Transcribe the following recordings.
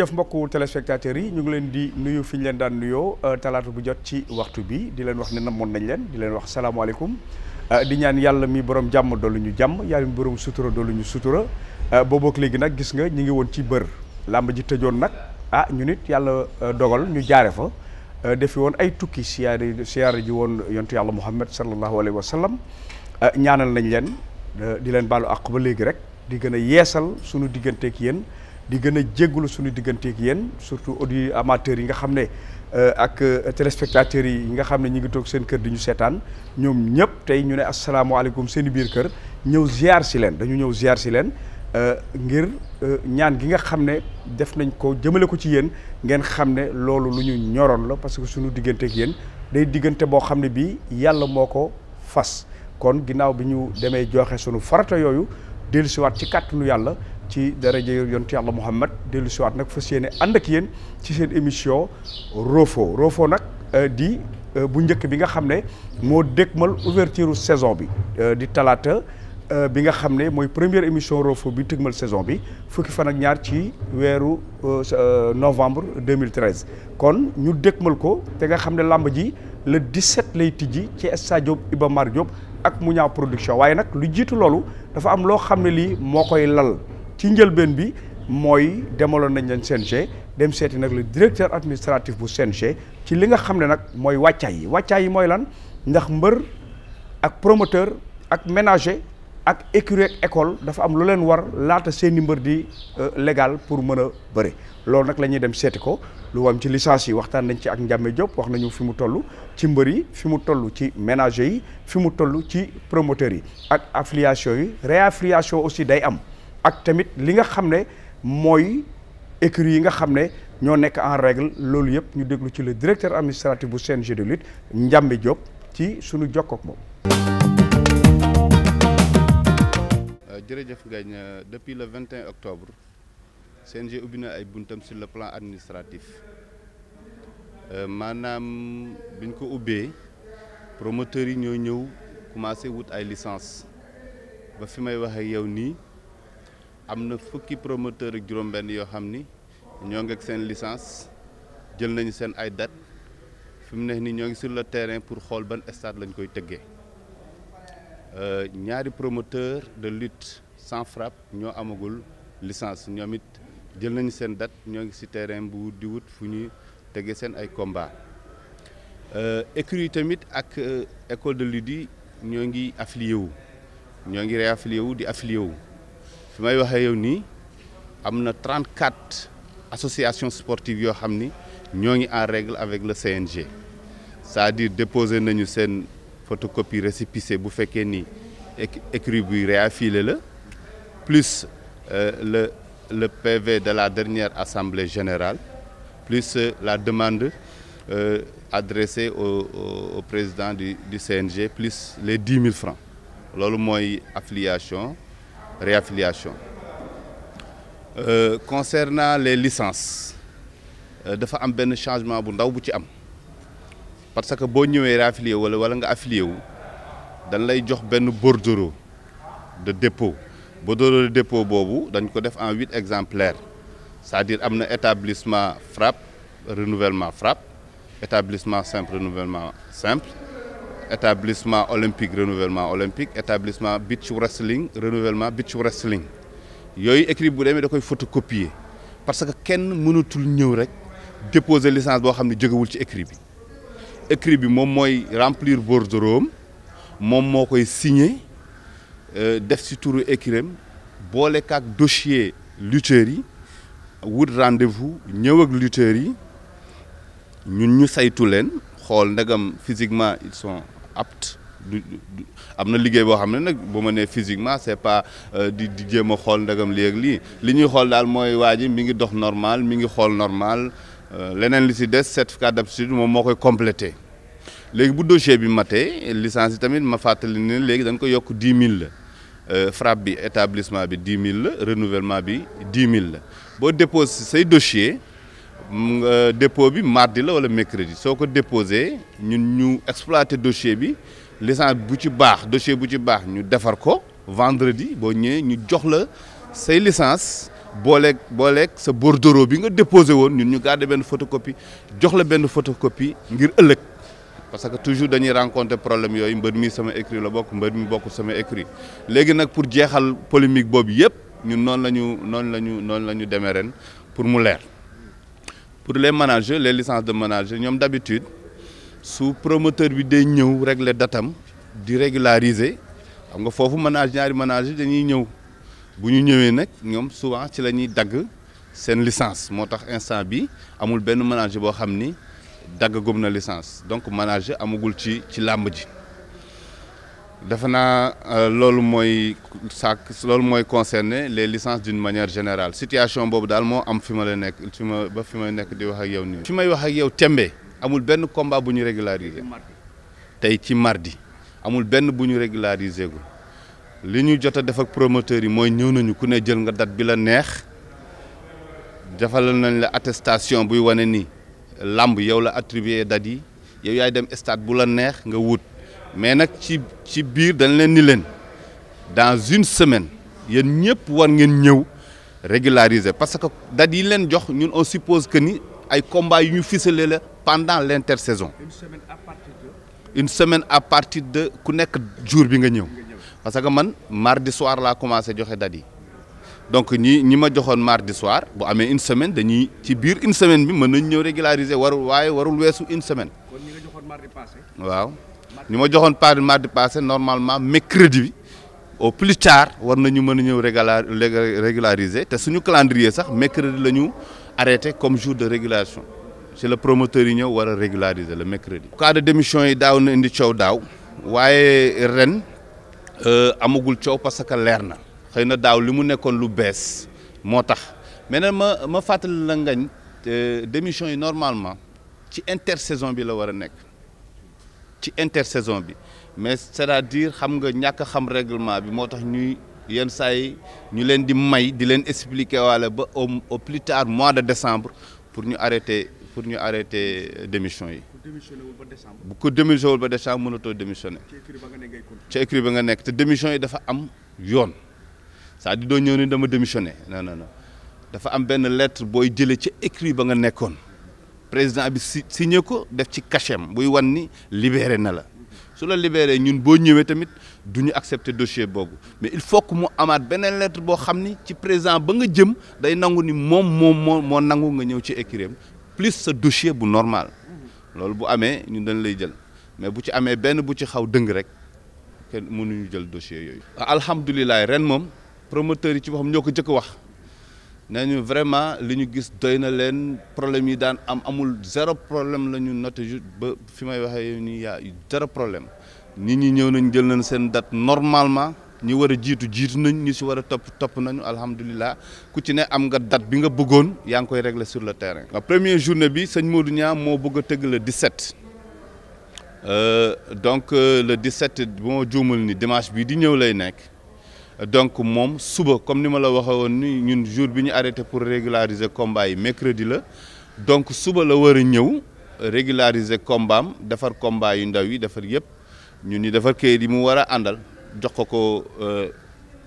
jërëjëf mbokku téléspectateurs yi ñu ngi leen di nuyu fi ñu leen daan nuyoo euh, talaata bu jot ci waxtu bi di leen wax ne namoon nañ leen di leen wax salaamaaleykum euh, di ñaan yàlla mi borom jàmm doolu ñu jàmm yàlla mi borom sutura doolu ñu sutura euh, boobook léegi nag gis nga ñu ngi woon ci bër làmb ji tëjoon nag ah ñu nit yàlla dogal ñu jaare fa defi woon ay tukki siyaare siyaare ji woon yontu yàlla muhammad sallallahu alayhi wa sallam ñaanal nañ leen di leen baalu àq ba léegi rek di gën a yeesal suñu digganteek yéen di gën a jéggulu suñu digganteeg yéen surtout audio amateurs yi nga xam ne euh, ak euh, téléspectateurs yi nga xam ne ñu ngi toog seen kër di ñu seetaan ñoom ñëpp tey ñu ne asalaamaaleykum seen i biir kër ñëw ziar si leen dañu ñëw ziar si leen euh, ngir ñaan gi nga xam ne def nañ ko jëmale ko ci yéen ngeen xam ne loolu lu ñu ñoroon la parce que suñu digganteeg yéen day diggante boo xam ne bii yàlla moo ko fas kon ginnaaw bi ñu demee joxe sunu farata yooyu dellusiwaat ci kàttanu yàlla ci daraja yontu yàlla Muhammad dellu siwaat nag fas yéene ànd ak yéen ci seen émission Roffo rofo nag euh, di euh, bu njëkk bi nga xam ne moo dégmal ouverture saison bi euh, di talaata bi nga xam ne mooy première émission Roffo bi tëgmal saison bi fukki fan ak ñaar ci weeru novembre 2013 kon ñu dégmal ko te nga xam ne làmb ji le 17 lay tijji ci stade Iba Mar Diop ak Mouniang production waaye nag lu jiitu loolu dafa am loo xam ne lii moo koy lal ci njëlbeen bi mooy demaloon nañ leen CNG dem seeti nag le directeur administratif bu CNG ci li nga xam ne nag mooy wàccaay yi wàccaay yi mooy lan ndax mbër ak promoteur ak ménager ak écurie ak école dafa am lu leen war laata seeni mbër di euh, légal pour mën a bëre loolu nag la ñuy dem seeti ko lu wam ci licence yi waxtaan nañ ci ak Ndiamé Diop wax nañu fi mu tollu ci mbër yi fi mu tollu ci ménager yi fi mu tollu ci promoteurs yi ak affiliation yi réaffiliation aussi day am ak tamit li nga xam ne mooy écuries yi nga xam ne ñoo nekk en règle loolu yëpp ñu déglu ci le directeur administratif bu CNG de lutte Ndiambi Diop ci sunu jokkook moom. Euh, jërëjëf Ngagne depuis le 21 octobre CNG ubbi na ay buntam si le plan administratif euh, maanaam biñ ko ubbee promoteurs yi ñoo ñëw commencé wut ay licence ba fi may wax ak yow nii. am na fukki promoteur ak juróom-benn yoo xam ni ñoo ngi ak seen licence jël nañu seen ay date fi mu ne nii ñoo ngi sur le terrain pour xool ban stade lañu koy tëggee euh, ñaari promoteur de lutte sans frappe ñoo amagul licence ñoom it jël nañu seen date ñoo ngi si terrain bu di wut fu ñu tëggee seen ay combat euh, écurie yi tamit ak euh, école de lutte yi ñoo ngi affilié wu ñoo ngi réaffilié wu di affilié wu. fi may waxee yow nii am na 34 associations sportives yoo xam ni ñoo ngi en règle avec le CNG c'est-à-dire déposé nañu seen photocopie récépissé bu fekkee ni écrit bi réaffilé la plus euh, le le PV de la dernière assemblée générale plus euh, la demande euh, adressée au, au, au président du, du CNG plus les 10 000 francs loolu mooy affiliation réaffiliation euh, concernant les licences euh, dafa am benn changement bu ndaw bu ci am parce que boo ñëwee réaffilié wala wala nga affilier wu dañ lay jox benn bordereau de dépôt bordereau de dépôt boobu dañ ko def en huit exemplaires c'est-à-dire am na établissement FRAPP renouvellement FRAPP établissement simple renouvellement simple établissement olympique renouvellement olympique établissement beach wrestling renouvellement beach wrestling yooyu écrit bu demee da koy photocopier parce que kenn mënatul ñëw rek déposer licence boo xam ne jógewul ci écrit bi écrit bi moom mooy remplir bordereau moom moo koy signer euh, def ci turu écrit boole kaak dossier lutteurs yi wut rendez-vous ñëw ak lutteurs yi ñun ñu saytu leen xool ndegam physiquement ils apte du am na liggéey boo xam ne nag bu ma nee physiquement c'est pas euh, di di jéem a xool ndagam léeg lii li ñuy xool daal mooy waa ji mi ngi dox normal mi ngi xool normal euh, leneen li si des certificat d'aptitude moom moo koy complété léegi bu dossier bi matee licence yi tamit ma fàttali ne léegi danga ko yokk dix mille la euh, frappe bi établissement bi dix mille la renouvellement bi dix mille la boo déposé say dossier Euh, dépôt bi mardi la wala mercredi soo ko déposé ñun ñu exploité dossier bi licence bu ci baax dossier bu ci baax ñu defar ko vendredi boo ñëwee ñu jox la say licence booleeg booleeg sa bordereau bi nga déposé woon ñun ñu garder benn photocopie jox la benn photocopie ngir ëllëg parce que toujours dañuy rencontrer problème yooyu mbër mi sama écrit la bokk mbër mi bokk sama écrit léegi nag pour jeexal polémique boobu yëpp ñun noonu la ñu noonu la ñu noonu la ñu demee ren pour mu leer. pour les managers les licences de manager ñoom d'habitude su promoteur bi day ñëw régler datam di régulariser xam nga foofu manage ñaari manager dañuy ñëw bu ñu ñëwee nag ñoom souvent ci la ñuy dagg seen licence moo tax instant bi amul benn manager boo xam ni dagg gum na licence donc manager amagul ci ci làmb ji defe naa euh, loolu mooy sàkk loolu mooy concerner les licences d'une manière générale situation boobu daal moo am fi ma la nekk fi ma ba fi may nekk di wax ak yow nii. fi may wax ak yow tembe amul benn combat bu ñu régulariser tey ci mardi amul benn bu ñu régulariser ko li ñu jot a def ak promoteurs yi mooy ñëw nañu ku ne jël nga date bi la neex defalal nañ la attestation buy wane ni làmb yow la attribué date yi yow yaay dem stade bu la neex nga wut. mais nag ci ci biir dañ leen ni leen dans une semaine yéen ñëpp war ngeen ñëw régulariser parce que date yi leen jox ñun on suppose que ni ay combat yu ñu ficelé la pendant l' intersaison une semaine à partir de. une semaine à partir de ku nekk jour bi nga ñëw parce que man mardi soir laa commencé joxe date yi donc ñi ñi ma joxoon mardi soir bu amee une semaine dañuy ci biir une semaine bi mën nañ ñëw régulariser warul waaye warul weesu une semaine. kon ñi waaw. ñu ma joxoon part bi mardi passé normalement mercredi bi au plus tard war nañu mën a ñëw régula régulariser te suñu calendrier sax mercredi la ñu arrêté comme jour de régulation si la promoteur yi ñëw war a régulariser le mercredi. cas de démission yi daaw na indi coow daaw waaye ren euh, amagul coow parce que leer na xëy na daaw li mu nekkoon lu bees moo tax mais ma ma fàttali la ngañ euh, démission yi normalement ci intersaison bi la war a nekk. ci intersaison bi mais c'est-à-dire xam nga ñàkk a xam règlement bi moo tax ñuy yenn saa yi ñu leen di may di leen expliquer waale ba au au plus tard mois de décembre pour ñu arrêter pour ñu arrêter démission yi. ko démissionné wul ba décembre mënatoo démissionné. ci écrit ba nga nekk te démission yi dafa am yoon c'est-à-dire doo ñëw ni dama démissionné non non non dafa am benn lettre booy jëlee ci écrit ba nga nekkoon. président bi si signé ko def ci cachem buy wan ni libéré na la su la libéré ñun boo ñëwee tamit du ñu accepter dossier boobu mais il faut que mu amaat beneen lettre boo xam ni ci président ba nga jëm day nangu ni moom moom moo moo nangu nga ñëw ci écrire plus sa dossier bu normal loolu bu amee ñun dañ lay jël mais bu ci amee benn bu ci xaw dëng rek kenn mënuñu jël dossier yooyu. alhamdulillah ren moom promoteur yi ci boppam ñoo ko jëkk wax. nee ñu vraiment li ñu gis doy na leen problème yi daan am amul zéro problème la ñu noté juste ba fi may waxee nii yaa zéro problème nit ñi ñëw nañ jël nañ seen date normalement ñi war a jiitu jiitu nañ ñi si war a topp topp nañu alhamdulilah ku ci ne am nga date bi nga bëggoon yaa ngi koy régler sur le terrain. la première journée bi sëñ du Niang moo bëgg a tëgg le 17 euh, donc euh, le 17 bu ma jumal ni dimanche bii di ñëw lay nekk. donc moom suba comme ni ma la waxee woon ni ñun jour bi ñu arrêté pour régulariser combat yi mercredi la donc suba la war ñëw régulariser kombaam defar combat yu ndaw yi defar yëpp ñun ñu defar kayit yi mu war a àndal jox ko ko euh,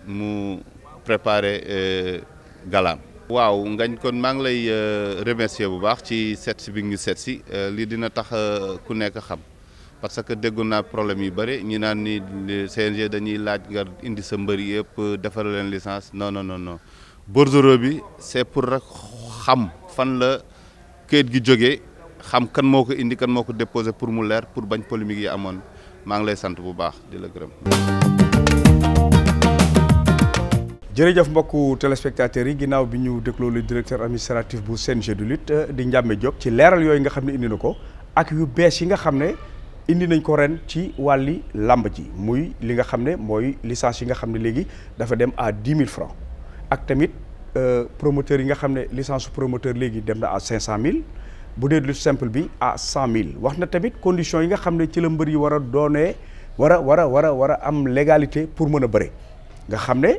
mu préparer euh, galaam waaw ngañ kon maa ngi lay euh, remercier bu baax ci seet bi ñu seet si lii dina tax ku nekk xam parce que déggoon naa problème yu bëri ñu naan ni CNG dañuy laaj nga indi sa mbër yëpp defar leen licence no non non non bordereau bi c'est pour rek xam fan la kayit gi jógee xam kan moo ko indi kan moo ko déposé pour mu leer pour bañ polémique yi amoon maa ngi lay sant bu baax di la gërëm. jërëjëf mbokku téléspectateurs yi ginnaaw bi ñu dégloo le directeur administratif bu CNG du lit di Ndiamé Diop ci leeral yooyu nga xam ne indi na ko ak yu bees yi nga xam ne. indi nañ ko ren ci wàlli làmb ji muy li nga xam ne mooy licence yi nga xam ne léegi dafa dem à dix mille francs ak tamit euh, promoteur yi nga xam ne licence promoteur léegi dem na à cinq cent mille bu dee lu simple bi à cent mille wax na tamit conditions yi nga xam ne ci la mbër yi war a doonee war a war a war a war a am légalité pour mën a bëre nga xam ne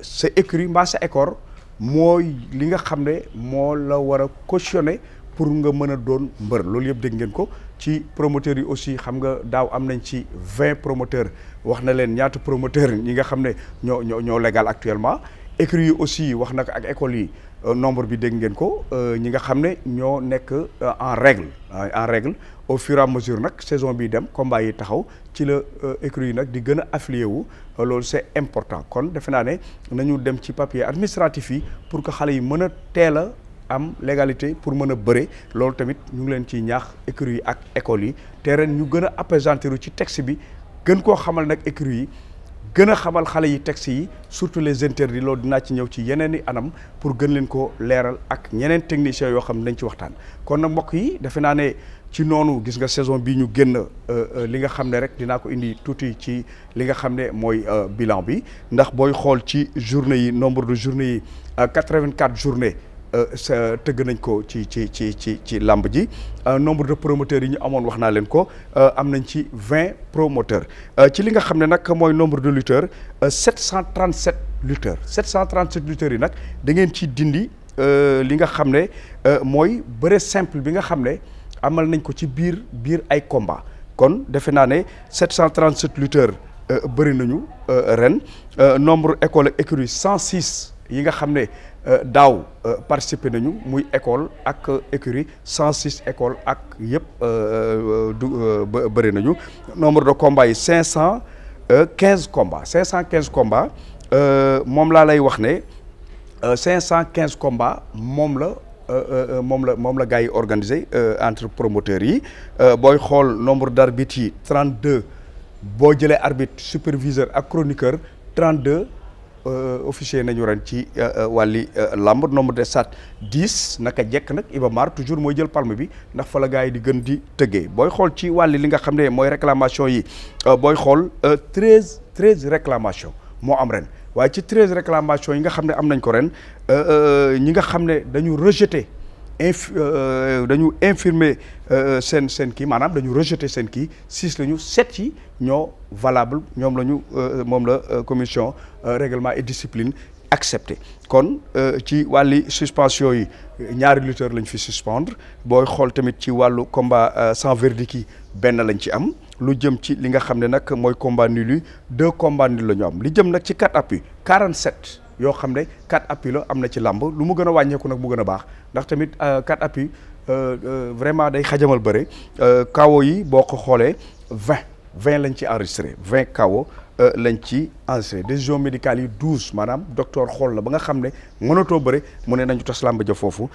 sa écurie mbaa sa école mooy li nga xam ne moo la war a cautionné pour nga mën a doon mbër loolu yëpp dégg ngeen ko ci promoteurs yi aussi xam nga daaw am nañ ci vingt promoteurs wax na leen ñaata promoteurs ñi nga xam ne ñoo ñoo ñoo légal actuellement écrits yi aussi wax na ko ak écoles yi euh, nombre bi dégg ngeen ko euh, ñi nga xam ne ñoo nekk euh, en règle en règle au fur et à mesure nag saison bi dem combat yi taxaw ci la écrits yi nag di gën a affilié wu loolu c'est important kon defe naa ne nañu dem ci papier administratif yi pour que xale yi mën a teel a am légalité pour mën a bëre loolu tamit ñu ngi leen ci ñaax écurie yi ak école yi te ren ñu gën a appesantiru ci texte bi gën koo xamal nag écurie yi gën a xamal xale yi texte yi surtout les interdits loolu dinaa ci ñëw ci yeneen i anam pour gën leen ko leeral ak ñeneen techniciens yoo xam ne dañ ci waxtaan kon nag mbokk yi defe naa ne ci noonu gis nga saison bii ñu génn euh, euh, li nga xam ne rek dinaa ko indi tuuti ci li nga xam ne mooy euh, bilan bi ndax booy xool ci journée yi nombre de journée yi 84 journée Euh, sa tëgg nañ ko ci ci ci ci ci làmb ji euh, nombre de promoteurs yi ñu amoon wax naa leen ko euh, am nañ ci vingt promoteurs ci li nga xam ne nag mooy nombre de lutteurs sept cent trente sept lutteurs sept cent trente sept lutteurs yi nag da ngeen ci dindi li nga xam ne mooy bëre simple bi nga xam ne amal nañ ko ci biir biir ay combat kon defe naa ne sept cent trente sept lutteurs bëri nañu ren nombre école écurie cent six yi nga xam ne Euh, daaw euh, participé nañu muy école ak écurie 106 école ak yëpp euh, du bëri nañu nombre de combats yi 515 combats 515 combats moom laa lay wax ne 515 combats moom la moom la moom la gars yi organisé entre promoteurs yi booy xool nombre d' arbitres yi 32 boo jëlee arbitre superviseur ak chroniqueur 32. Euh, officier nañu ren ci euh, euh, wàlli làmb nombre de stades dis naka jekk nag Iba toujours mooy jël palme bi ndax fa la gars yi di gën di tëggee booy xool ci wàlli li nga xam ne mooy réclamation yi booy xool treize treize réclamation moo am ren waaye ci treize réclamation yi nga xam ne am nañ ko ren ñi nga xam ne dañu rejeté inf euh, euh, dañu infirmer euh, seen seen kii maanaam dañu rejeter seen kii six la ñu yi ñoo valable ñoom la ñu moom la commission réglement et discipline accepté kon ci wàlli suspension yi ñaari lutteur lañ fi suspendre booy xool tamit ci wàllu combat sans verdict yi benn lañ ci am lu jëm ci li nga xam ne nag mooy combat nul yi deux combat nul la ñu am li jëm nag ci quatre appuis 47 yoo xam ne quatre appuis am na ci làmb lu mu gën a wàññeeku nag mu gën a baax ndax tamit euh, quatre appuis euh, euh, vraiment day xajamal bëre kawo yi boo ko xoolee vingt vingt lañ ci enregistré vingt kawo lañ ci enregistré décision médicale yi douze maanaam docteur xool la ba nga xam ne mënatoo bëre mu ne nañu tas làmb ja foofu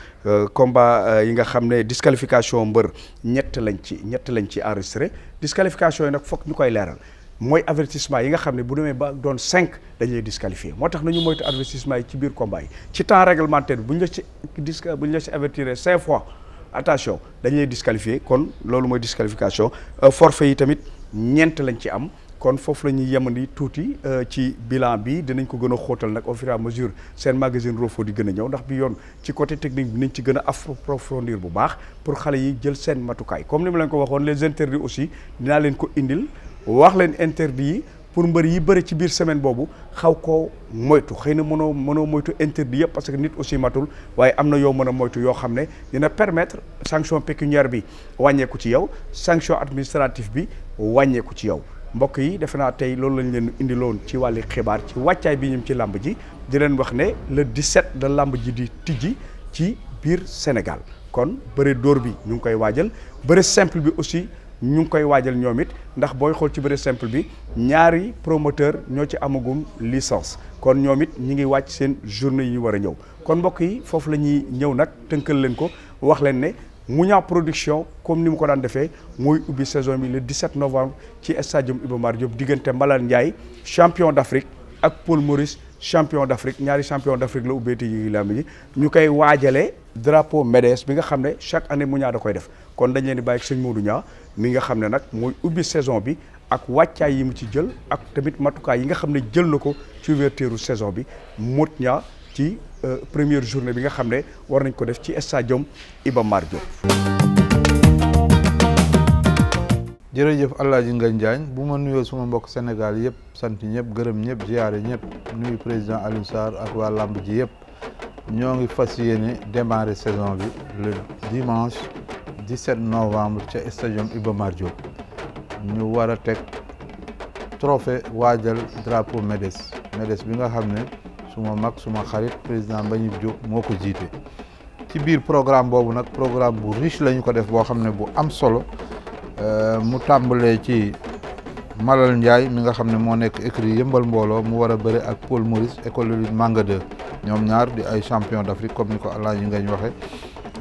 combat yi nga xam ne disqualification mbër ñett lañ ci ñett lañ ci enregistré disqualification yi nag foog ñu koy leeral mooy avertissement yi nga xam ne bu demee ba doon cinq dañu lay disqualifié moo tax nañu moytu avertissement yi ci biir combat yi ci temps réglementaire bu ñu la ci dis bu ñu la ci avertiré cinq fois attention dañ lay disqualifié kon loolu mooy disqualification euh, forfait yi tamit ñeent lañ ci am kon foofu la ñuy yemandi tuuti euh, ci bilan bi dinañ ko gën a xóotal nag au fur et à mesure seen magazine Roffo di gën a ñëw ndax bi yoon ci côté technique bi nañ ci gën a approfondir bu baax pour xale yi jël seen matukaay comme ni ma ko waxoon les interdits aussi dinaa leen ko indil wax leen interdit yi pour mbër yi bëri ci biir semaine boobu xaw koo moytu xëy na mënoo mënoo moytu interdit yëpp parce que nit aussi matul waaye am na yow mën a moytu yoo xam ne dina permettre sanction pécuniaire bi wàññeeku ci yow sanction administrative bi wàññeeku ci yow mbokk yi defe naa tey loolu lañ leen indiloon ci wàlli xibaar ci wàccaay bi ñum ci làmb ji di leen wax ne di set da làmb ji di tijji ci biir Sénégal kon bëre dóor bi ñu ngi koy waajal bëre bi aussi ñu ngi koy waajal ñoom it ndax booy xool ci bëre simple bi ñaari promoteur ñoo ci amagum licence kon ñoom it ñi ngi wàcc seen journée yi ñu war a ñëw kon mbokk yi foofu la ñuy ñëw nag tënkal leen ko wax leen ne Mouña production comme ni mu ko daan defee mooy ubbi saison bi le 17 novembre ci stadium Iba Mar Diop diggante Mbalane Ndiaye champion d'Afrique ak Paul Maurice champion d'Afrique ñaari champion d'Afrique la ubbeeti yi làmb ji ñu koy waajalee drapeau MEDES bi nga xam ne chaque année Mouña da koy def kon dañ leen di bàyyi sëñ Modou Niang mi nga xam ne nag mooy ubbi saison bi ak wàccaay yi mu ci jël ak tamit matukaay yi nga xam ne jël na ko ci ouverture saison bi Modou Niang ci euh, première journée bi nga xam ne war nañ ko def ci stadium Iba Mar Diop. jërëjëf Alaaji Ngagne Diagne bu ma nuyoo suma mbokk Sénégal yëpp sant ñëpp gërëm ñëpp ziyaare ñëpp nuyu président Alioune Sarr ak waa làmb ji yëpp ñoo ngi fas yéene démarrer saison bi le dimanche. 17 novembre ca stadium Iba Mar Diop ñu war a teg trophée waajal drapeau MEDES MEDES bi nga xam ne suma mag suma xarit président Mbagnick Diop moo ko jiite. ci biir programme boobu nag programme bu riche lañu ko def boo xam ne bu am solo euh, mu tàmbalee ci Malal njaay mi nga xam ne moo nekk écrit yëmbal mbooloo mu war a bëre ak Paul Maurice école de lutte ñoom ñaar di ay champion d'Afrique comme ni ko Alain yi ngañ waxe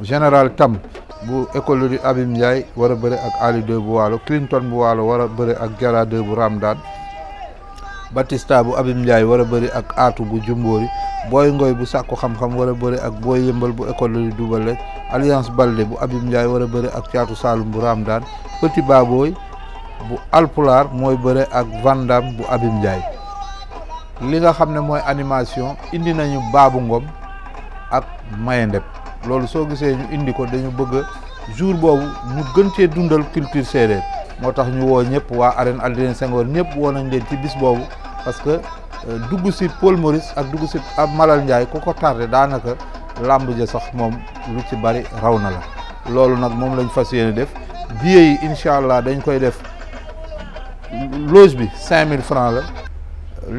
général Tam bu école di Abim Ndiaye ak Ali 2 bu Waalo Clinton bu Waalo war a ak Jara 2 bu Ramdan Batista bu Abim Ndiaye war bëri ak Aatu bu Jumbóori booy ngooy bu sàkku xamxam xam war ak Boy Yëmbal bu école di Dubale Alliance Balde bu Abim Ndiaye war a bëri ak Caatu Saalum bu Ramdan Petit Baboy bu Alpulaar mooy bari ak Vandam bu Abim Ndiaye li nga xam ne mooy animation indi nañu Baabu Ngom ak Mayendeb loolu soo gisee ñu indi ko dañu bëgg jour boobu ñu gën cee dundal culture séeréer moo tax ñu woo ñëpp waa arène Adrien Senghor ñëpp woo nañ leen ci bis boobu parce que euh, dugg si Paul Maurice ak dugg si ab Malal Ndiaye ku ko tardé daanaka làmb ja sax moom lu ci bari raw na la loolu nag moom lañ fas yéene def billet yi incha allah dañ koy def loge bi cinq 5000 francs la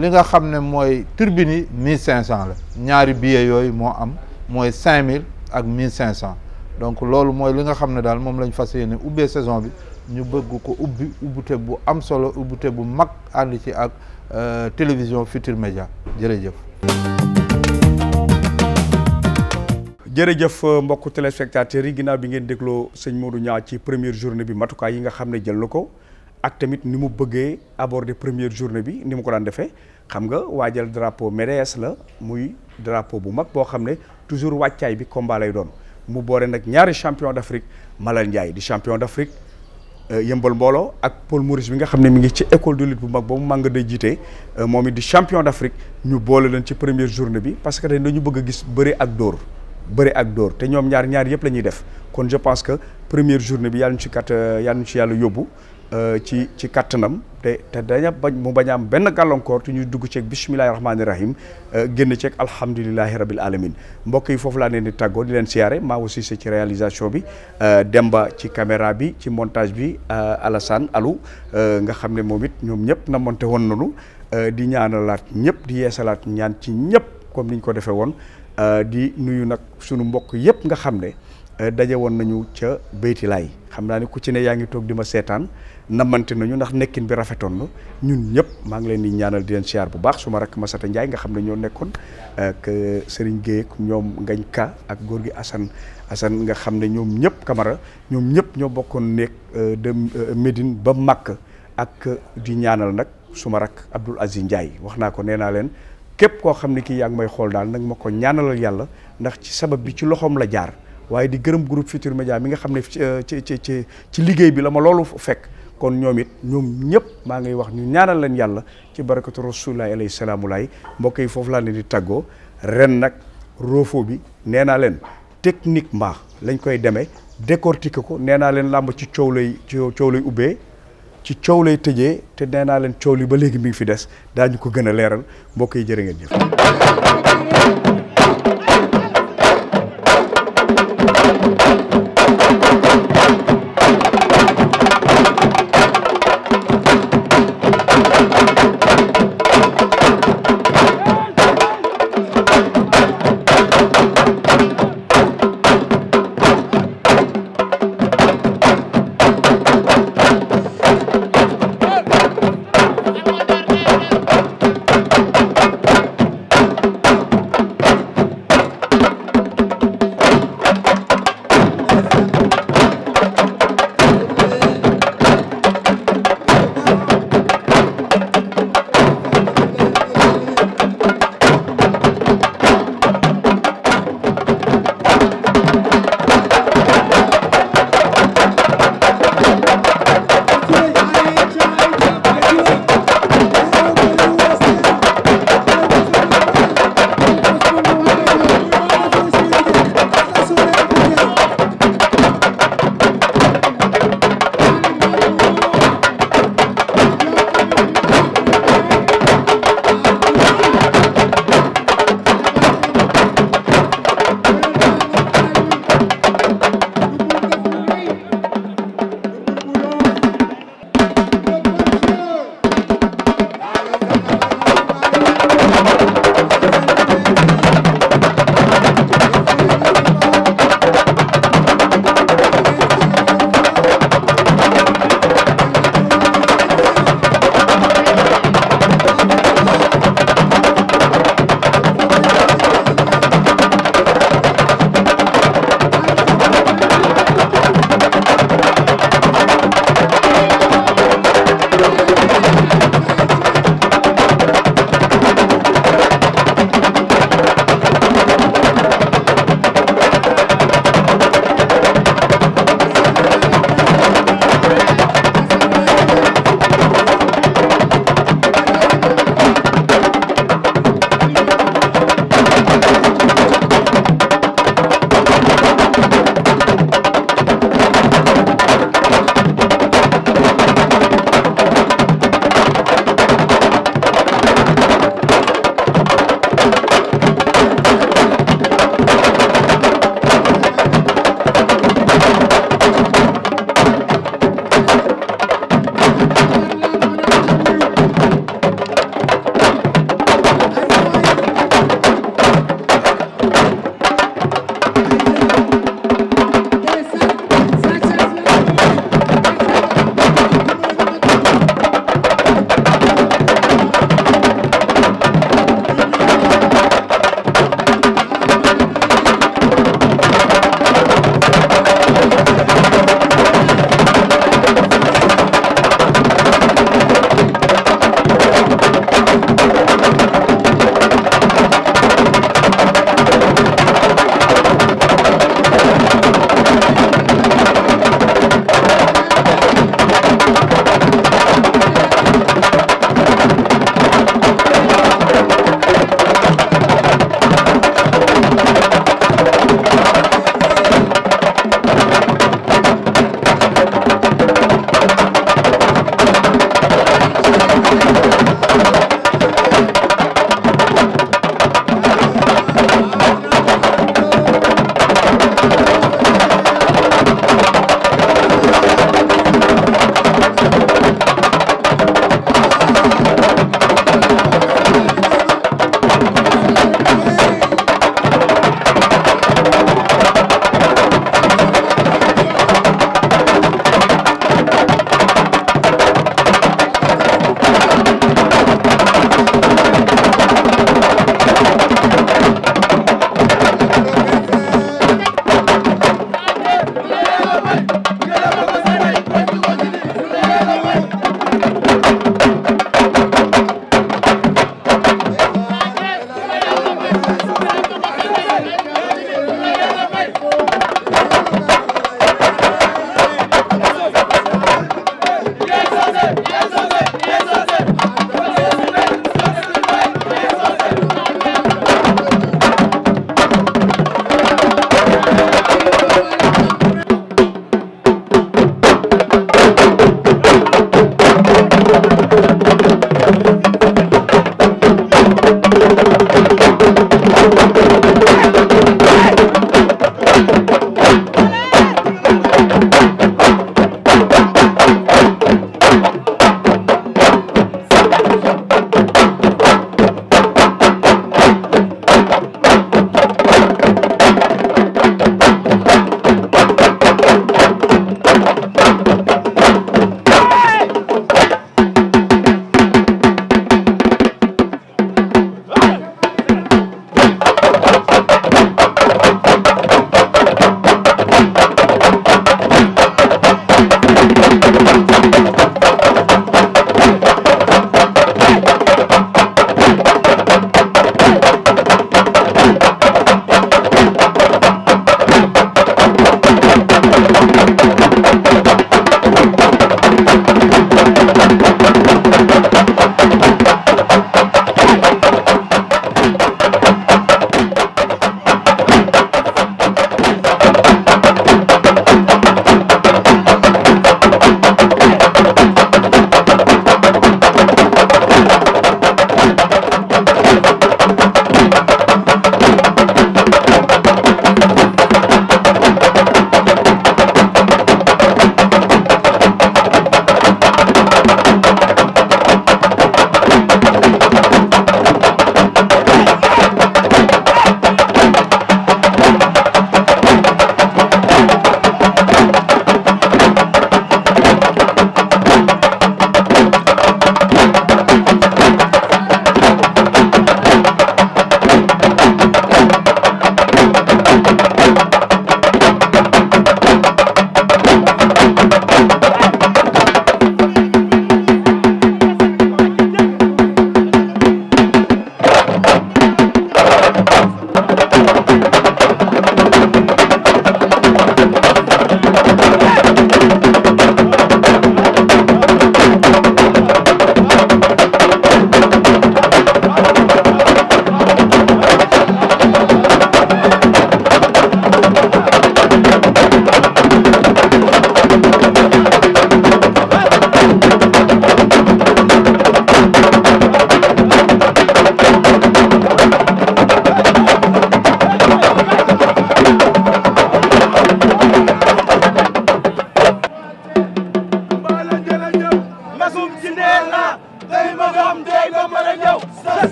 li nga xam ne mooy turbine cinq 1500 la ñaari billet yooyu moo am mooy 5000. ak mille cinq cent donc loolu mooy li nga xam ne daal moom lañ fas yéene ubbee saison bi ñu bëgg ko ubbi ubbute bu am solo ubbute bu mag ànd ci ak euh, télévision Futur Média jërëjëf jërëjëf euh, mbokku téléspectateurs yi ginnaaw bi ngeen dégloo sëñ Modou Niang ci première journée bi matukaay yi nga xam ne jël na ko ak tamit ni mu bëggee aborder première journée bi ni mu ko daan defee xam nga waajal drapeau MEDES la muy drapeau bu mag boo xam ne toujours wàccaay bi combat lay doon mu boole nag ñaari champion d' Afrique Malal Ndiaye di champion d' Afrique euh, yëmbal mbooloo ak Paul Maurice bi nga xam ne mu ngi ci école de lutte bu mag ba mu mànga day jiite euh, moom it di champion d' Afrique ñu boole leen ci première journée bi parce que dañ dañu bëgg a gis bëri ak dóor bëri ak dóor te ñoom ñaari ñaar yëpp la ñuy def kon je pense que première journée bi yàlla ñu ci kat euh, yàlla ñu ci yàlla yóbbu Euh, ci ci kattanam te te daña bañ mu bañ am benn gàllankoor te ñuy dugg ceeg bisimilahi rahmaani rahim euh, génn ceeg alhamdulilahi rabil alamin mbokk yi foofu laa leen di tàggoo di leen siyaare maa aussi c'est ci réalisation bi euh, Demba ci caméra bi ci montage bi Alassane Alou nga xam ne moom it ñoom ñëpp na monté woon nanu di ñaanalaat ñëpp di yeesalaat ñaan ci ñëpp comme niñ ko defee woon Euh, di nuyu nag sunu mbokk yëpp nga xam ne euh, daje woon nañu ca Baytilaay xam naa ne ku ci ne yaa ngi toog di ma seetaan namante nañu ndax nekkin bi rafetoon na ñun ñëpp maa ngi leen di ñaanal di leen siyaar bu baax suma rakk Masata Ndiaye nga xam ne nekkoon ak euh, Serigne ñoom Ngañ Ka ak góor gi Assane Assane nga xam ne ñoom ñëpp Camara ñoom ñëpp ñoo bokkoon nekk de Médine ba Màkk ak di ñaanal nag suma rakk Abdoul Aziz Ndiaye wax naa ko nee naa leen. képp koo xam ne kii yaa ngi may xool daal nag ma ko ñaanalal yàlla ndax ci sabab bi ci loxoom la jaar waaye di gërëm groupe Futurs Médias mi nga xam ne euh, ci ci ci ci liggéey bi la ma loolu fekk kon ñoom it ñoom ñëpp maa ngay wax ñu ñaanal leen yàlla ci barakatu rasulilah alayhi salaamulaay mbokk yi foofu laa leen di taggoo ren nag roofo bi nee naa leen mbaax lañ koy demee décortiquer ko nee naa leen làmb ci coow lay ci coow lay ubbee. ci coow lay tëjee te nee naa leen coow li ba léegi mi fi des daañu ko gën a leeral mbokk yi jërë jëf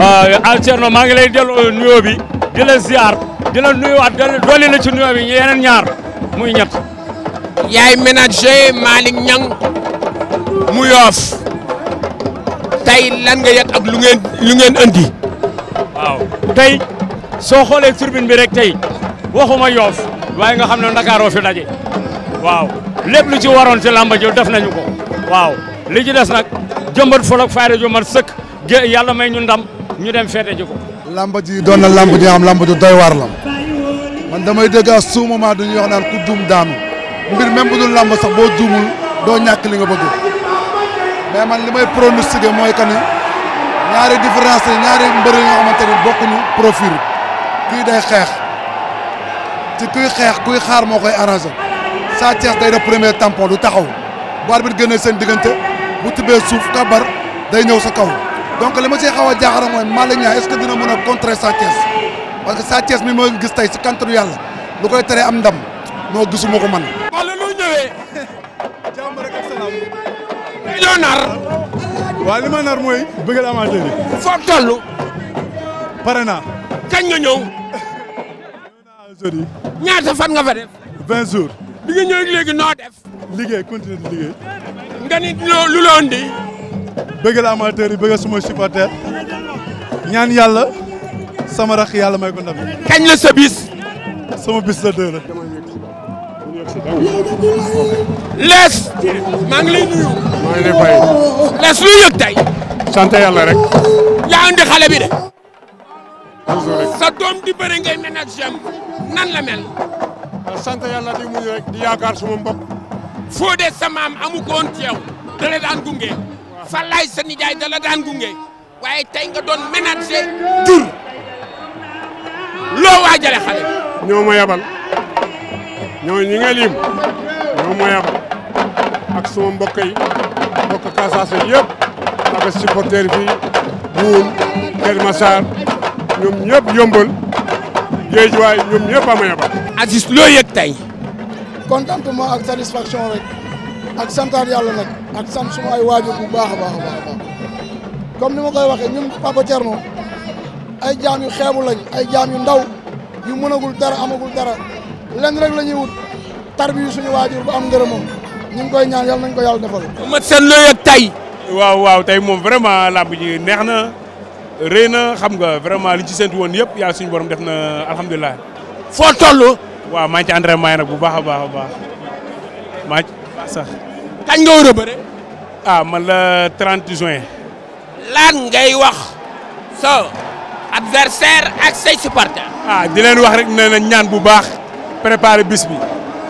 Euh, Thierno maa ngi lay delloo euh, nuyoo bi di la ziar di la nuyuwaat dolli la ci nuyoo bi yeneen ñaar muy ñett. yaay ménager Malick Niang mu yoof tey lan nga yet ak lu ngeen lu ngeen andi. waaw tey soo xoolee turbine bi rek tey waxuma yoof waaye nga xam ne Ndakaaroo fi daje waaw lépp lu ci waroon ci làmba ji def nañu ko waaw li ci des nag jëmbat fol ak fayda ju sëkk yàlla may ñu ñu dem feete de ko. lamb ji doon na lamb ji am lamb ju doy waar la man damay dégg à tout moment dañuy wax naan ku juum daanu mbir même bu dul sax boo juumul doo ñàkk li nga bëgg mais man li may pronostiqué mooy que ni ñaari différence yi ñaari mbër yi nga xamante ni bokkuñu profil kii day xeex ci kuy xeex kuy xaar moo koy arrangé Sa Thiès day def premier tampon du taxaw bu arbitre génnee seen diggante bu tibbee suuf kabar day ñëw sa kaw. donc li ma see xaw a jaaxara mooy Malick Niang est-ce que a contrer Sa Thiès parce que Sa Thiès mi moo gis tey si kantanu yàlla lu koy teree am ndam noo gisuma ko man. waaw lu nu ñëwee. jàmm rek ak salaam. ñoo nar. waaw li ma nar mooy bëggal amateur yi. foog toll. pare naa. kañ nga ñëw. ñaata fan nga fa def. vingt jours. bi nga ñëw léegi noo def. liggéey continuer liggéey. nga ni lu loo indi. bëggal amateur yi bëggal suma supporter ñaan yàlla sama rax yàlla may ko ndam. kañ la sa bis. sama bis la deux lees. maa ngi lay lees lu yëg tey. sant yàlla rek. yaa andi xale de. sa doom di bëre ngay ménage am nan la mel. sant yàlla di muñ rek di yaakaar suma mbokk. foo de sa maam amu ko woon ci daan gunge. Fallaye sa nijaay dala daan gunge waaye tey nga doon ménager jur loo waajale xale ñoo ma yabal ñoo ñi nga lim ñoo ma yabal ak suma mbokk yi mbokk Kaasase yëpp ak supporter fii Buun ñoom ñëpp yombal géej ñoom ñëpp a ma yabal loo yëg tey contentement ak satisfaction rek ak santaan yàlla nag ak sant suma ay waajur bu baax a baax baax a ni ma koy waxee ñun Papa Thierno ay jaam yu xeebu lañ ay jaam yu ndaw yu mënagul dara amagul dara lenn rek la ñuy wut tar bi suñu waajur bu am ngërëmam ñu ngi koy ñaan yàlla nañ ko yàlla defal. mat seen looy waaw waaw tey moom vraiment làmb ji neex na rëy na xam nga vraiment li ci séntu woon yëpp yàlla suñu borom def na alhamdulilah. foo toll. waaw maa ngi ci entraînement nag bu baax a baax a baax baax sax. kañ nga war a bëre. ah man la 30 juin. lan ngay wax sa adversaire ak say supporters. ah di leen wax rek nee na ñaan bu baax préparer bis bi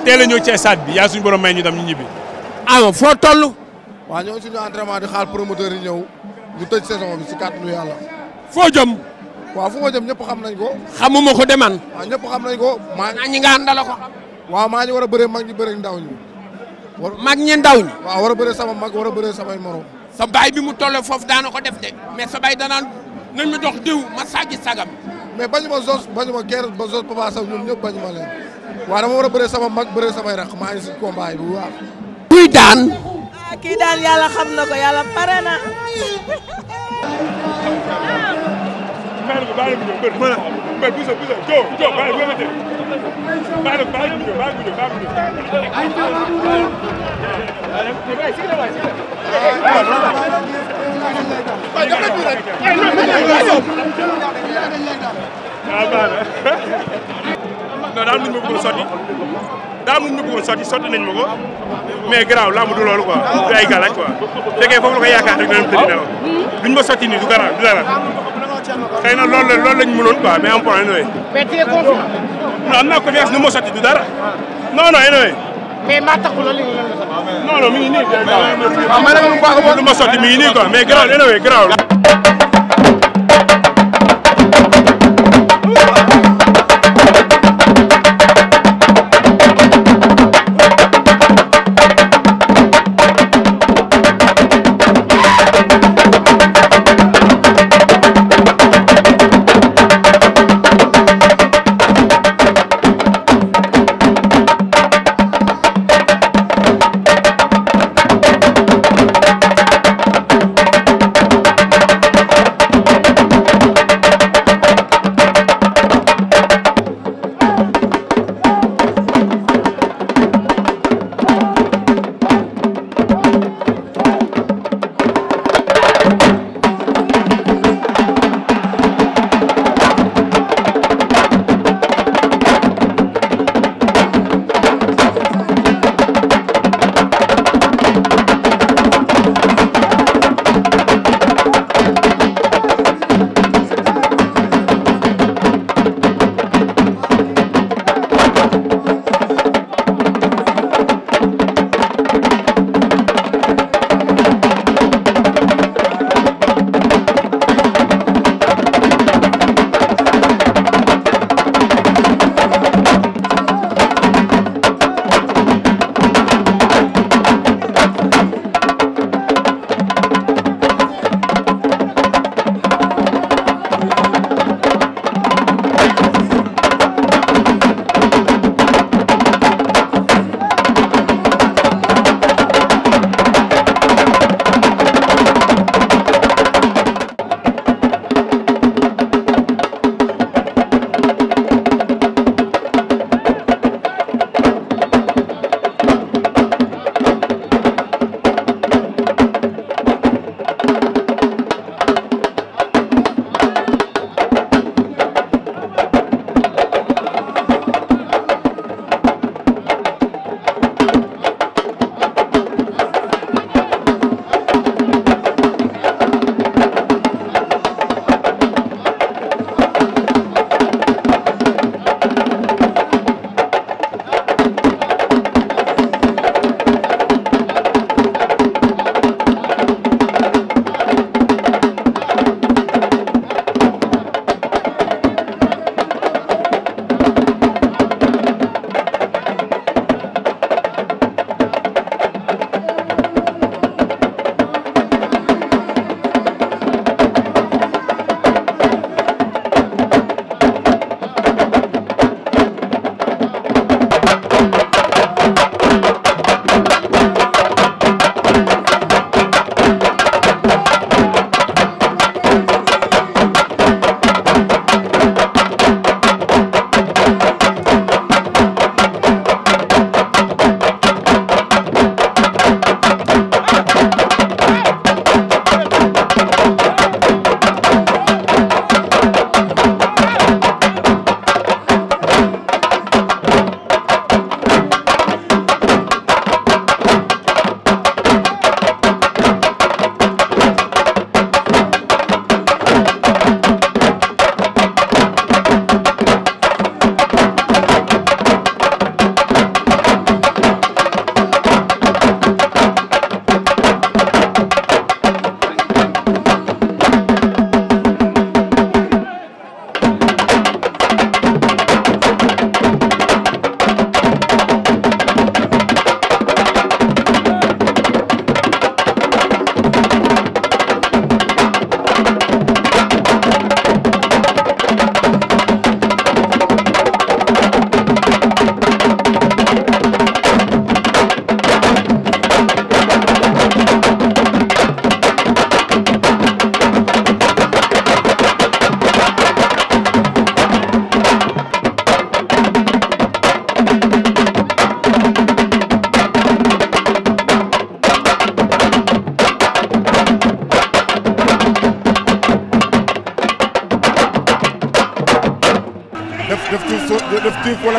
teel a ñëw ci stade bi yaa suñ borom may ñu dem ñu ñibbi. ah foo toll. waa ñoo ngi suñu entraînement di xaar promoteur yi ñëw ñu tëj saison bi si kàttanu yàlla. foo jëm. waa fu jëm ñëpp xam nañ ko. xamuma ko deman waaw ñëpp xam nañ ko. maa ñi nga àndala ko. maa ñu war a bëree mag ñi bëri ndaw ñi. mag ñi ndaw ñi. waaw war a sama mag war a bëree samay morom. sa baay bi mu toll foofu daana ko def de mais sa baay danaan nañ ma dox diw ma sàggi sagam. mais bañu ma zos bañu ma ba zos papa sax ñun ñëpp bañu ma leen waaw dama war a sama mag bëree samay raq maa ngi si combat yi bu baax. kuy daan. ah kii daan yàlla xam na ko yàlla pare na. bàyyi ko bàyyi ko ñëw mbër mbër mbër buso buso joo joo bàyyi ko ñëw bàyyi ko bàyyi ko ñëw bàyyi ko ñëw bàyyi ko ñëw. ay jàll bu dul. waaye sigi na waay sigi na. waaw jox nañu rek. ay non non non daal nañu ma bëggoon sotti daal nañu ma bëggoon sotti sotti nañu ma ko mais garaaw làmb du loolu quoi du ay galaaj quoi fekkee foofu la ko yaakaar rek dinañ tëdd nelaw duñ ma sotti nii du garaaw du dara. xëy na loolu la loolu lañ mënoon quoi mais am problème yooyu. mais tu es confiant. non am naa confiance ni moo sotti du dara. non non yéen maa taxul la li non nii. waaw ah, mais nag lu baax a baax lu ma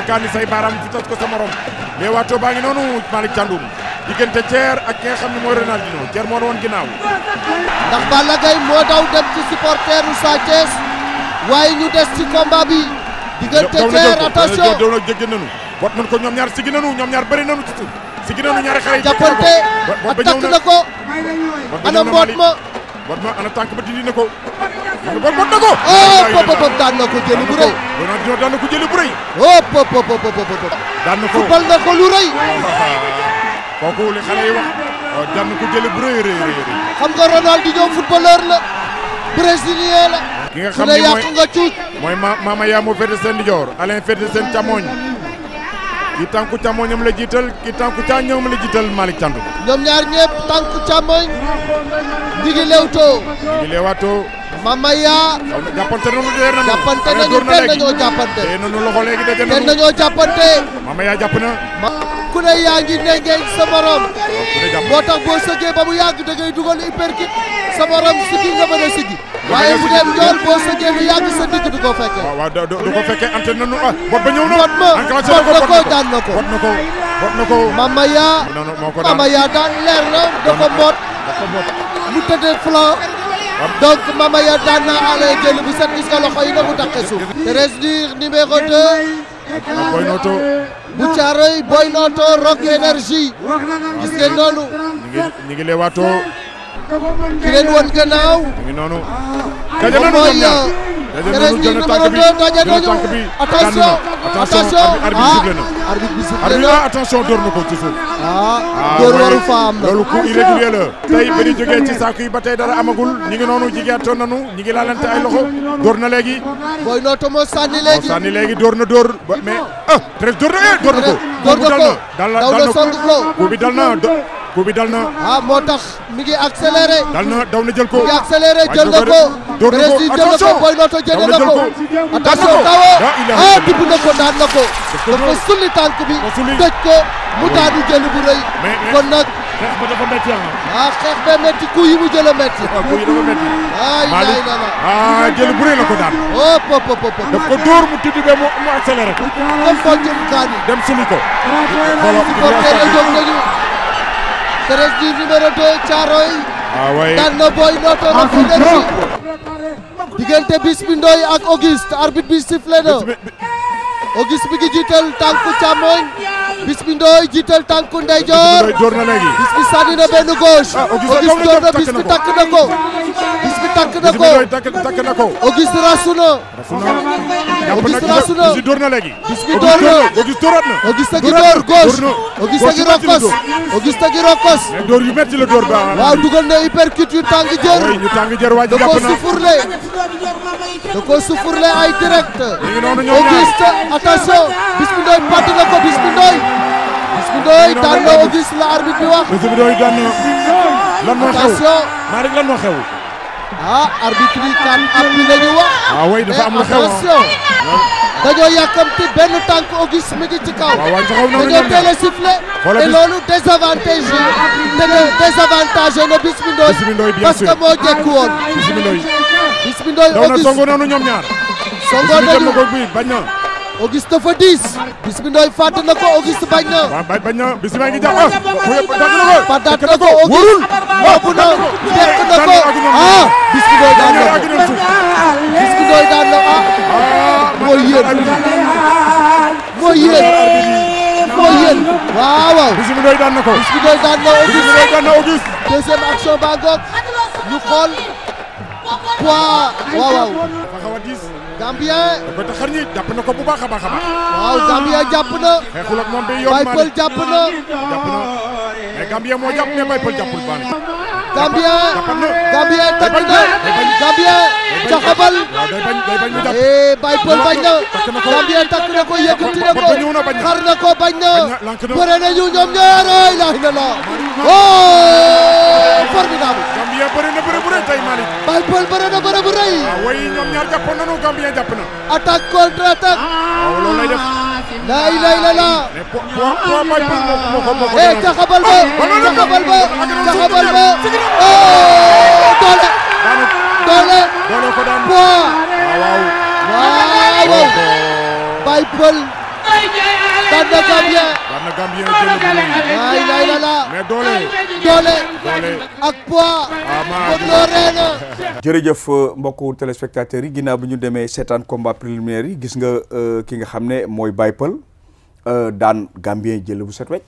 kaani say baaraam fi ko sa morom mais waatoo baa ngi noonu Malick Thiandoum diggante Thier ak ki nga xam ne mooy Ronaldinho Thier moo woon ginnaaw ndax Balla Gaye moo daw dem ci supporteru Sa Thiès waaye ñu des ci combat bi diggante Thier attention daw na jéggi nanu bot ko ñoom ñaar sigi nanu ñoom ñaar bëri nanu ci suuf sigi nanu ñaari xale yi na ko ana mboot ma mboot ma ana tànk ba dindi na ko Gol bot na ko. hop oh, hop hop daan na ko jëli bu rëy. Ronaldinho daan na ko jëli bu rëy. hop oh, hop hop hop. daan na ko football la brésilien la. ki nga xam ne mooy yàq nga la jiital ki tànku càmmoñam la jiital Malick Thiandoum. ñoom Mamaya. jàppante nañu teel nañu. jàppante nañu teel nañoo jàppante. yaa da ngay dugal uppercut sa morom sigi nga mën a sigi. waaye bu dee njool boo sëggee lu yàgg sa digg leer na da ko mot. da ko mot mu tëddee flan. donc Mama Ya daan na ale jël bu set gis nga loxo yi na mu taqe suuf. Treize numéro 2. Boy Noto. bu caaroy Boy Noto Rock Énergie. gis ngeen noonu. ngi ñu ngi leewaatoo. ki leen woon Thérèse Ly numéro 2 daje nañu attention attention ah arbitre bi sifflé na attention door na ko ci suuf. ah, ah door waru fa am tey ba ñu jógee ci saako yi dara amagul ñi ngi noonu jigéentoon nañu ñi ngi laalante ay loxo door na léegi. booy nooto moo sànni léegi door na door mais ah Thérèse door na eh door na ko. door na ko daw na song coup bi dal na. ah moo tax mi ngi accéléré. dal na daw na jël ko. mi ngi accéléré jël na ko. door na ko attention Boy Noto jëlee na ko. attention Tawo ah tibb na ko daan na ko. dafa sulli tànk bi. tëj ko mu daanu jël bu rëy. kon nag. xeex ba dafa métti ah. ah xeex ba métti coup yi mu jël a métti. waaw coup yi dafa métti. ah Ilaah Ilaah. ah jël bu rëy la ko daan. oh pop pop pop. daf ko door mu tiddi ba mu accéléré. dem ko jëm kaani. dem sulli ko. voilà supporter yi jóg nañu. Thérèse ah, Diouf numéro 2 Thiaroye. waaw waay daan na Boy Noto la ko déglu. diggante Bismi Ndoye ak Auguste arbitre bi sifflé na. Auguste mi ngi jiital tànku càmmoñ. Bismi Ndoye jiital tànku ndey Bismi sànni na benn gauche. Ah, Auguste door na Bismi takk na ko. takk na ko takk na ko. Auguste Rassuna. Auguste Rassuna Auguste door na léegi. Auguste doorat na. Auguste gi door gi rokkos. Auguste gi rokkos. mais door yu métti la door ba. waaw dugal na uppercut yu tàng jër. Ah jër waa ji jàpp na da ay direct. Auguste attention. Bismi Ndoye pàtt ko Bismi Ndoye. Bismi Ndoye daan na Auguste la arbitre bi wax. Bismi Ndoye daan na lan moo xew. attention Malick lan moo ah arbitre bi kan appui la ñu wax. waaw ah, way dafa am lu xew attention dañoo yàkkamti benn tànk Auguste mi ngi ci kaw. waaw ah, waaw taxaw noonu dañoo teel a sifflé. te loolu désavantage te ne désavantage na Bismi que moo jekk woon. Bismi Ndoye Bismi Ndoye Auguste daw ñoom ñaar. songo nañu Bismi dem bañ na. Auguste dafa diis Bismi Ndoye fàtt na ko Auguste bañ na waaw bañ na na ko Auguste na ko ah Bismi daan na Bismi Ndoye daan na ah mooy yéen mooy yéen mooy yéen waaw waaw Bismi Ndoye daan na ko Bismi Ndoye Gambien. da koy taxar ñi jàpp na ko bu baax a baax a baax. waaw Gambien jàpp na. xeexul ak moom day yor Baye Peul ko yëkkati ko xar ko bañ na. bëre nañu ñoom ñaar la ilaha Gambien bëri na bëri bu rëy tey Malick. Baye Paul bëri ah, ñoom ñaar jàppoon nañu Gambien jàpp na. attaque contre attaque. Ah, waaw loolu lay def. laa ilaaha illallaah. po po po Baye Paul moo ko moo ko moo ko. eh taxabal ah, ko eh, daan waaw waaw. waaw oh. daan Gambien daan bu mais doole doole ak poids Modou euh, yi ginnaaw bi ñu demee seetaan combat préliminaire yi gis nga euh, ki nga xam ne mooy Baye Peul euh, daan Gambien jël bu set wecc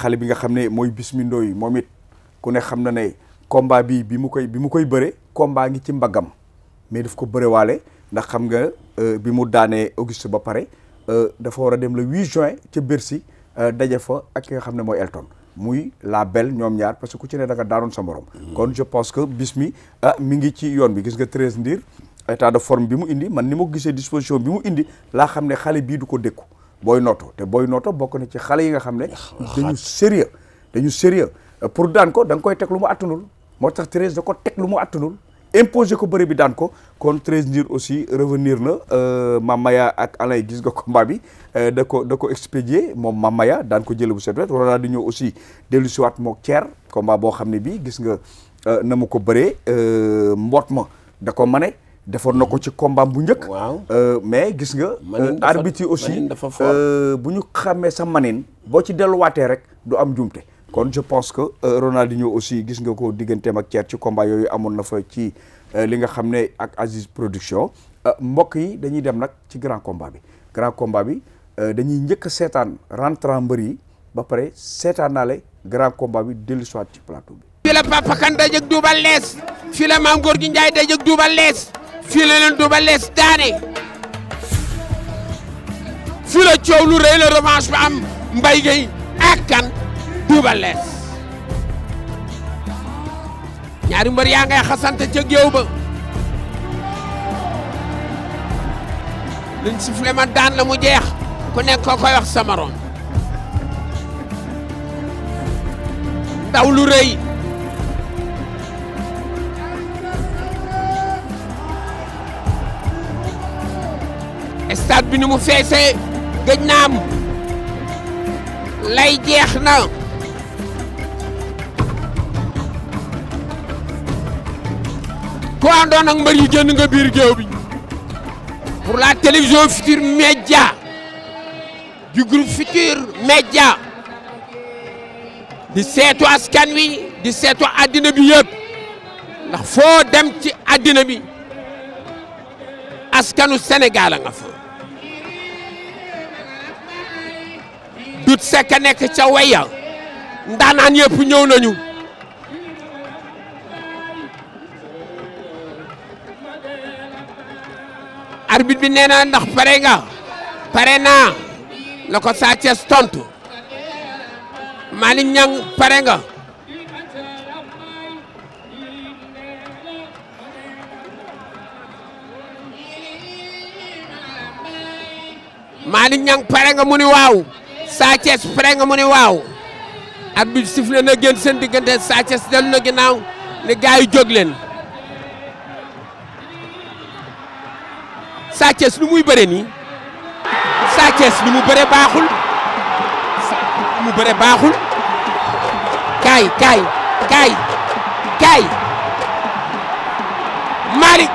xale bi nga xam ne mooy Bismindoo yi moom it ku ne xam na ne combat bi bi mu koy bi mu koy bëre combat ngi ci mbaggam mais daf ko bëre ndax xam nga bi mu daanee Auguste ba pare Euh, dafa war a dem le 8 juin ca Bercy euh, daje fa ak ki nga xam ne mooy Elton muy laa bel ñoom ñaar parce que ku ci ne da nga daanoon sa morom. Mm. kon je pense que bis mi ah mi ngi ci yoon bi gis nga Thérèse Ndir état de forme bi mu indi man ni ma gisee disposition bi mu indi laa xam ne xale bii du ko dékku booy nooto te booy noto bokk na ci xale yi nga xam ne. dañu sérieux dañu sérieux euh, pour daan ko danga koy teg lu mu attanul moo tax Thérèse da ko teg lu mu attanul. imposé ko bëri bi daan ko kon Treize Ndir aussi revenir na euh, Mamaya ak yi gis nga combat bi euh, da ko da ko expédié moom Mamaya daan ko jëlee bu set wet wala di ñëw aussi dellu si waat mook Thier combat boo xam ne bii gis nga euh, na mu ko bëree mboot ma da ko mane defoon na ko ci combat bu njëkk. waaw mais gis nga. arbitre yi aussi bu ñu xamee sa manin boo ci delluwaatee rek du am jumte. kon je pense que ñëw euh, aussi gis nga ko digganteem ak Thier ci combat yooyu amoon na fa ci euh, li nga xam ne ak Aziz production euh, mbokk yi dañuy dem nag ci grand combat bi grand combat bi dañuy njëkk a seetaan rentrant mbër yi ba pare seetaanaale grand combat bi dellu soit ci plateau bi. fii la Papa Kane dajëg Double Less fii la Maam Gorgui Ndiaye dajëg Double Less fii la leen Double Less daane fii coow lu rëy la revanche bi am Mbaye Gueye ak Double Less ñaari mbër yaa ngay xasante ca géew ba luñ ma daan la mu jeex ku nekk ko koy lu rëy stade bi ni mu feesee gëj lay jeex na ku àndoon ak nga biir géew bi pour télévision Futur Média du groupe Futur Média seetu askan wi di seetu addina bi yëpp ndax foo dem ci addina bi askanu Sénégal a nga fa dut sekk ca waya ndaanaan yëpp ñëw nañu arbitre bi nee na ndax pare nga pare naa la ko Sa Thiès tontu Malick Niang pare nga Malick Niang pare nga mu ni waaw Sa pare nga mu ni waaw arbitre sifflé na génn seen diggante Sa Thiès na ginnaaw ne gars yi jóg leen Sa Thiès muy bëre nii Sa Thiès lu mu bëre baaxul lu mu bëre baaxul kaay kaay kaay kaay Malick.